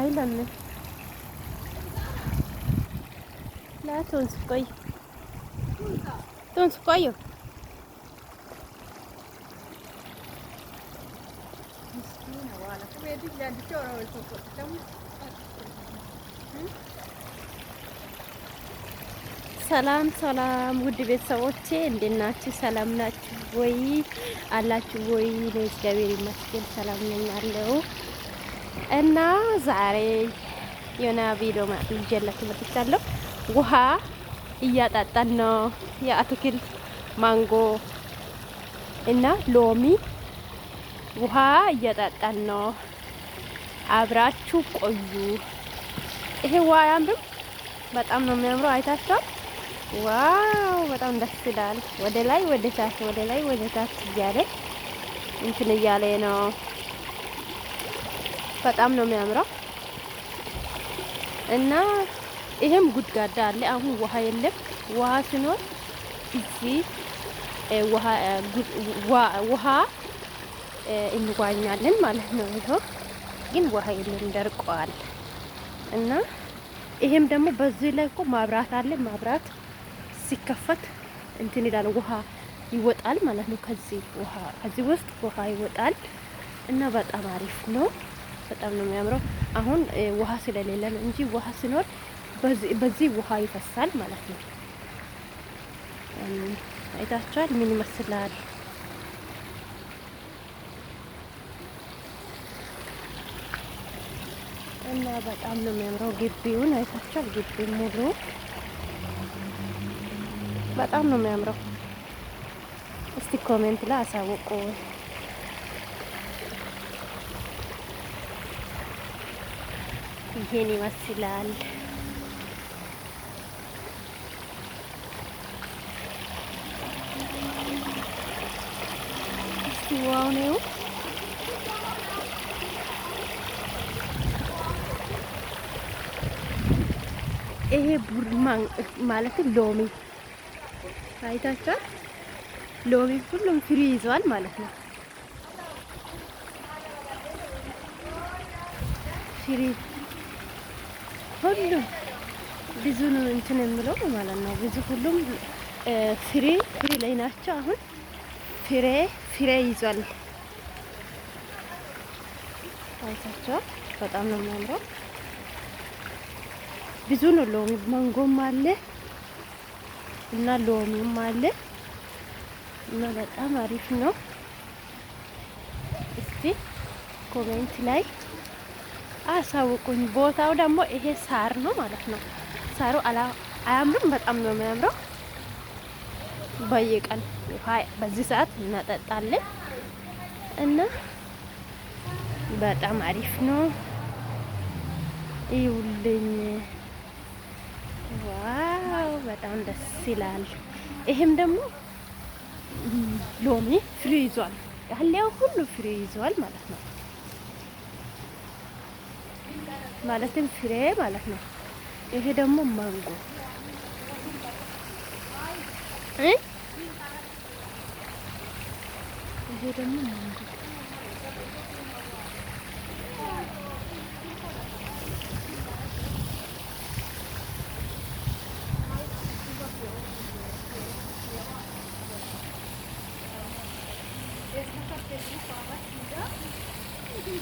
አይለምን لا تنسف ቆይ ትንስፍ ሰላም ሰላም፣ ውድ ቤተሰቦቼ እንዴት ናችሁ? ሰላም ናችሁ ወይ? አላችሁ ወይ? እግዚአብሔር ይመስገን ሰላም ነኝ አለው እና ዛሬ የሆነ ቪዲዮ ይዤላችሁ መጥቻለሁ። ውሃ እያጣጣን ነው። የአትክልት ማንጎ እና ሎሚ ውሃ እያጣጣን ነው። አብራችሁ ቆዩ። ይሄ ውሃ ያምርም በጣም ነው የሚያምረው። አይታችኋል? ዋው በጣም ደስ ይላል። ወደ ላይ ወደ ታች፣ ወደ ላይ ወደ ታች እያለ እንትን እያለ ነው በጣም ነው የሚያምረው እና ይሄም ጉድጋዳ አለ። አሁን ውሃ የለም። ውሃ ሲኖር እዚህ ውሃ እንዋኛለን ማለት ነው። ይኸው ግን ውሃ የለም፣ ደርቀዋል። እና ይሄም ደግሞ በዚህ ላይ እኮ ማብራት አለ። ማብራት ሲከፈት እንትን ይላል፣ ውሃ ይወጣል ማለት ነው። ከዚህ ውሃ ከዚህ ውስጥ ውሃ ይወጣል እና በጣም አሪፍ ነው። በጣም ነው የሚያምረው። አሁን ውሃ ስለሌለ ነው እንጂ ውሃ ሲኖር በዚህ ውሃ ይፈሳል ማለት ነው። አይታችኋል? ምን ይመስላል? እና በጣም ነው የሚያምረው። ግቢውን አይታችኋል? ግቢው ሙሉ በጣም ነው የሚያምረው። እስቲ ኮሜንት ላይ አሳውቁ። ይሄን ይመስላል። እስቲ ዋው ነው ይሄ ቡርማን ማለት ሎሚ አይታችኋል። ሎሚ ሁሉም ፍሪ ይዟል ማለት ነው። ፍሪ ሁሉም ብዙ ነው እንትን የምለው ማለት ነው። ብዙ ሁሉም ፍሬ ፍሬ ላይ ናቸው። አሁን ፍሬ ፍሬ ይዟል። አይታቸው በጣም ነው የሚያምረው። ብዙ ነው። ሎሚ ማንጎም አለ እና ሎሚም አለ እና በጣም አሪፍ ነው። እስቲ ኮሜንት ላይ አሳውቁኝ። ቦታው ደግሞ ይሄ ሳር ነው ማለት ነው። ሳሩ አያምርም? በጣም ነው የሚያምረው። በየቀን ውሃ በዚህ ሰዓት እናጠጣለን እና በጣም አሪፍ ነው። ይውልኝ ዋው፣ በጣም ደስ ይላል። ይሄም ደግሞ ሎሚ ፍሬ ይዟል፣ ያለው ሁሉ ፍሬ ይዟል ማለት ነው። ማለትም ፍሬ ማለት ነው። ይሄ ደግሞ ማንጎ እ ይሄ ደግሞ ማንጎ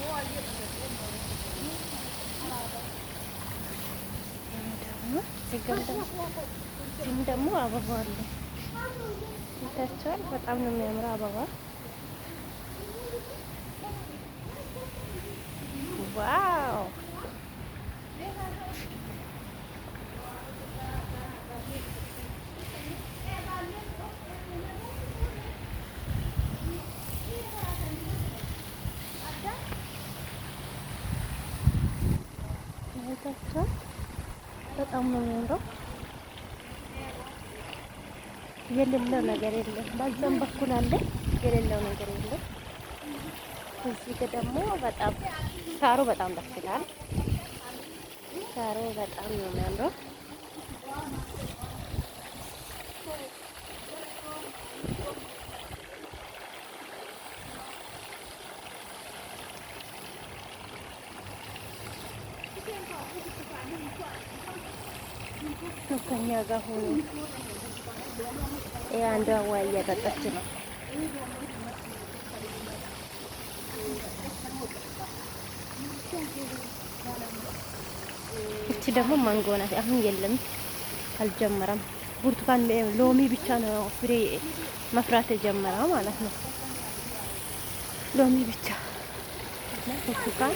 Bu halde yapacağız. ነው። እዚህም ደግሞ አበባ አለ ይታቸዋል። በጣም ነው የሚያምረው አበባ በጣም ነው የሚያምረው። የሌለው ነገር የለም። በዛም በኩል አለ የሌለው ነገር የለም። እዚህ ጋር ደግሞ በጣም ሳሩ በጣም ደስ ይላል። ሳሩ በጣም ነው የሚያምረው። ከኛ ጋር ሆኖ አንዷ ዋ እያጠጣች ነው። እቺ ደግሞ ማንጎ ናት። አሁን የለም አልጀመረም። ብርቱካን ሎሚ ብቻ ነው ፍሬ መፍራት የጀመረ ማለት ነው። ሎሚ ብቻ ብርቱካን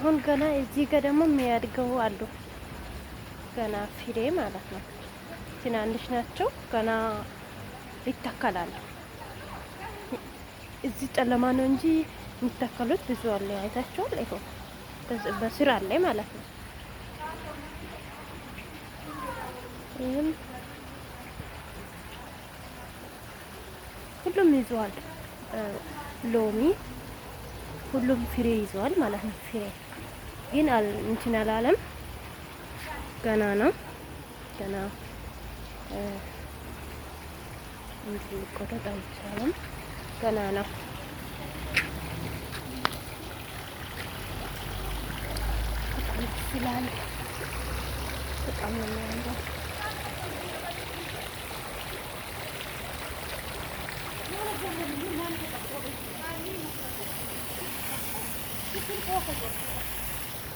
አሁን ገና እዚህ ጋር ደግሞ የሚያድገው አሉ። ገና ፍሬ ማለት ነው። ትናንሽ ናቸው። ገና ይተከላሉ። እዚህ ጨለማ ነው እንጂ የሚተከሉት ብዙ አለ። አይታችኋል? ይኸው በስር አለ ማለት ነው። ይህም ሁሉም ይዘዋል። ሎሚ ሁሉም ፍሬ ይዘዋል ማለት ነው። ፍሬ ግን እንትን አላለም። ገና ነው ገና እንትን ሊቆረጥ አይቻልም። ገና ነው። ይችላል በጣም ነው የሚያምረው።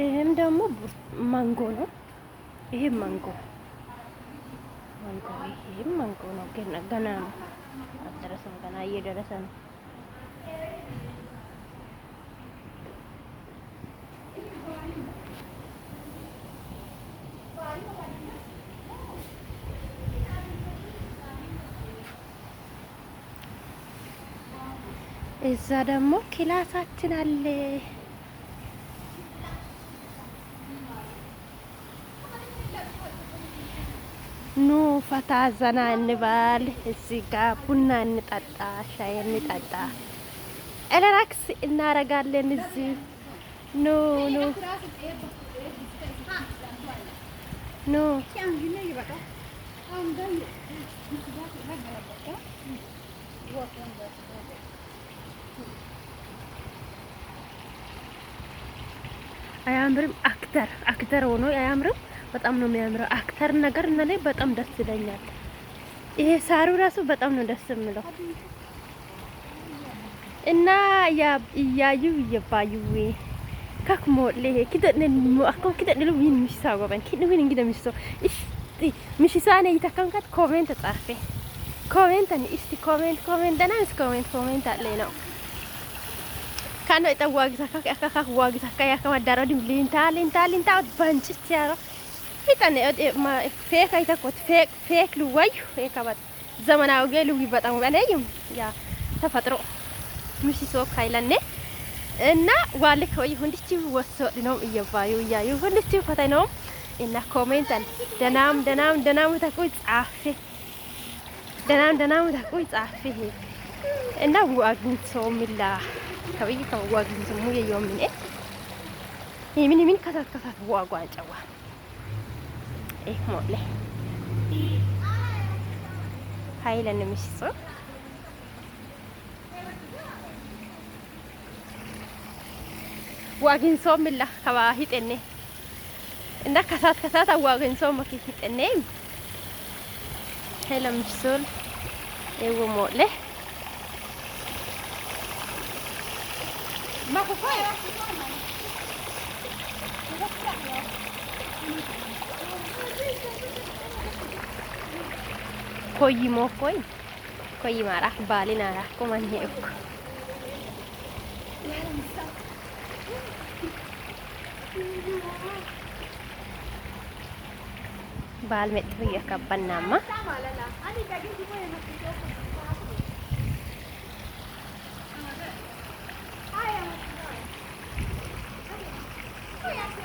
ይህም ደግሞ ማንጎ ነው። ይሄም ማንጎ ማንጎ ይሄም ማንጎ ነው። ገና ገና ነው አልደረሰም። ገና እየደረሰ ነው። እዛ ደግሞ ክላሳችን አለ። ፈታ ዘና እንባል። እዚህ ጋ ቡና እንጠጣ፣ ሻይ እንጠጣ፣ ኤለራክስ እናረጋለን። እዚህ ኑ ኑ ኑ አያምርም? አክተር አክተር ሆኖ አያምርም? በጣም ነው የሚያምረው። አክተር ነገር እና ላይ በጣም ደስ ይለኛል። ይሄ ሳሩ ራሱ በጣም ነው ደስ የሚለው እና ያ እያዩ እየባዩ ከክሞ ለይ ኪደን ነው አኮ ኪደን ነው ምን ምሽሳው ጋር ኪደን ነው እንግዲህ ምሽሶ እስቲ ምሽሳኔ ይተካንካት ኮሜንት ጻፈ ኮሜንት አን እስቲ ኮሜንት ኮሜንት ደናስ ኮሜንት ኮሜንት አለ ነው ካኖ ይተዋግዛ ካካ ካካ ዋግዛ ካያ ከመዳራው ድም ሊንታ ሊንታ ሊንታ ባንጭ ሲያራ ፊጠን ፌክ አይተኮት ፌክ ልዋዩ የከበድ ዘመናዊ ገ ልዊ በጣም በለይም ያ ተፈጥሮ ምሽሶ ካይለኔ እና ዋልክ ወይ ሁንድቺ ወሰድ ነው እየባዩ እያዩ ሁንድቺ ፈተና ነው እና ኮሜንታል ደናም ደናም ደናም ተቆይ ጻፍ ደናም ደናም ተቆይ ጻፍ እና ዋግን ሰው ምላ ከበይ ከዋግን ሰው ሙየ የምን እ ይምን ምን ከታት ከታት ዋጓ ጨዋ อีกหมดเลยไพ่ละนึ่งมิสซ์ว่ากินส้มมิลละค่ะว่าฮิตเอ็นนี่นักขัดขัดว่ากินส้มมาคิดฮิตเอ็นนี่ไพ่ละมิสซ์เอวหมดเลยมาคุย Koyimoo koy koyimaadhaaf baalinaadhaaf qomannee dhugna. Baalmetti biyya kabbannaa amma. Oh, yeah.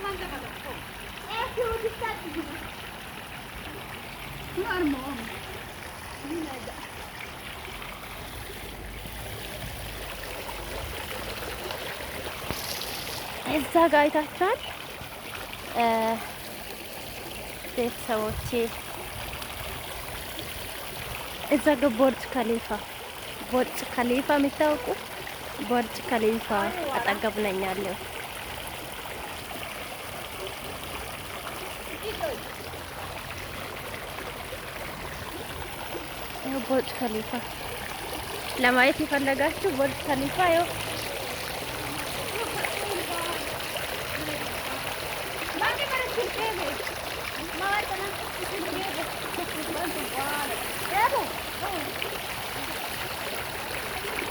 እዛ ጋ አይታችኋል ቤተሰቦቼ። እዛ ጋ ቦርጅ ከሊፋ ቦርጅ ከሊፋ የሚታወቁ ቦርጅ ከሊፋ አጠገብ ነኝ ቦርጅ ከሊፋ ለማየት የፈለጋችሁ ቦርጅ ከሊፋ ያው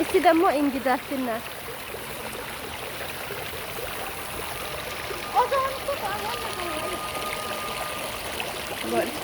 እስቲ ደግሞ እንግዳችን ናት።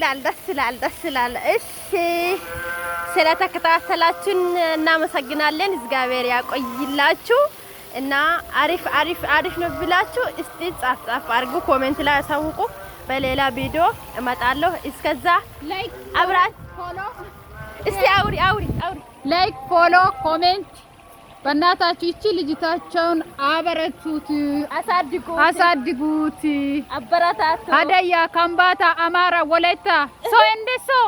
ይላል፣ ደስ ይላል፣ ደስ ይላል። እሺ ስለተከታተላችሁን እናመሰግናለን። እግዚአብሔር ያቆይላችሁ እና አሪፍ አሪፍ አሪፍ ነው ብላችሁ እስቲ ጻፍ ጻፍ አድርጉ፣ ኮሜንት ላይ አሳውቁ። በሌላ ቪዲዮ እመጣለሁ። እስከዛ ላይክ አብራት ፎሎ እስቲ አውሪ አውሪ አውሪ ላይክ ፎሎ ኮሜንት በእናታችሁ ይቺ ልጅታቸውን አበረቱት፣ አሳድጉት፣ አበረታቱ። ሀዲያ፣ ከምባታ፣ አማራ፣ ወላይታ ሰው እንደት ሰው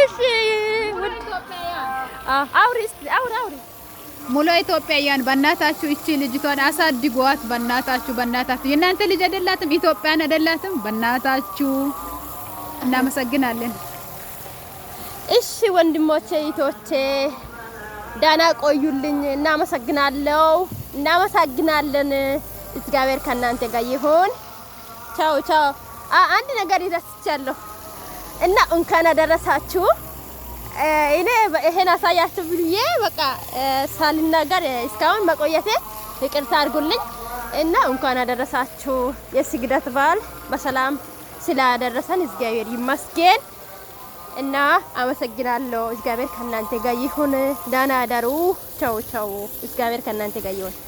እሺ፣ ሙሉ ኢትዮጵያውያን በእናታችሁ እቺ ልጅቷን አሳድጓት። በእናታችሁ በእናታችሁ የእናንተ ልጅ አይደላትም፣ ኢትዮጵያን አይደላትም። በእናታችሁ እናመሰግናለን። እሺ ወንድሞቼ ይቶቼ ዳና ቆዩልኝ። እናመሰግናለሁ፣ እናመሰግናለን። እግዚአብሔር ከእናንተ ጋር ይሁን። ቻው ቻው። አንድ ነገር ይረስቻለሁ እና እንኳን አደረሳችሁ። እኔ ይሄን አሳያችሁ ብዬ በቃ ሳልናገር እስካሁን መቆየቴ ይቅርታ አድርጉልኝ እና እንኳን አደረሳችሁ። የስግደት በዓል በሰላም ስላደረሰን እግዚአብሔር ይመስገን። እና አመሰግናለሁ። እግዚአብሔር ከእናንተ ጋር ይሁን። ዳና ዳሩ። ቸው ቸው። እግዚአብሔር ከእናንተ ጋር ይሁን።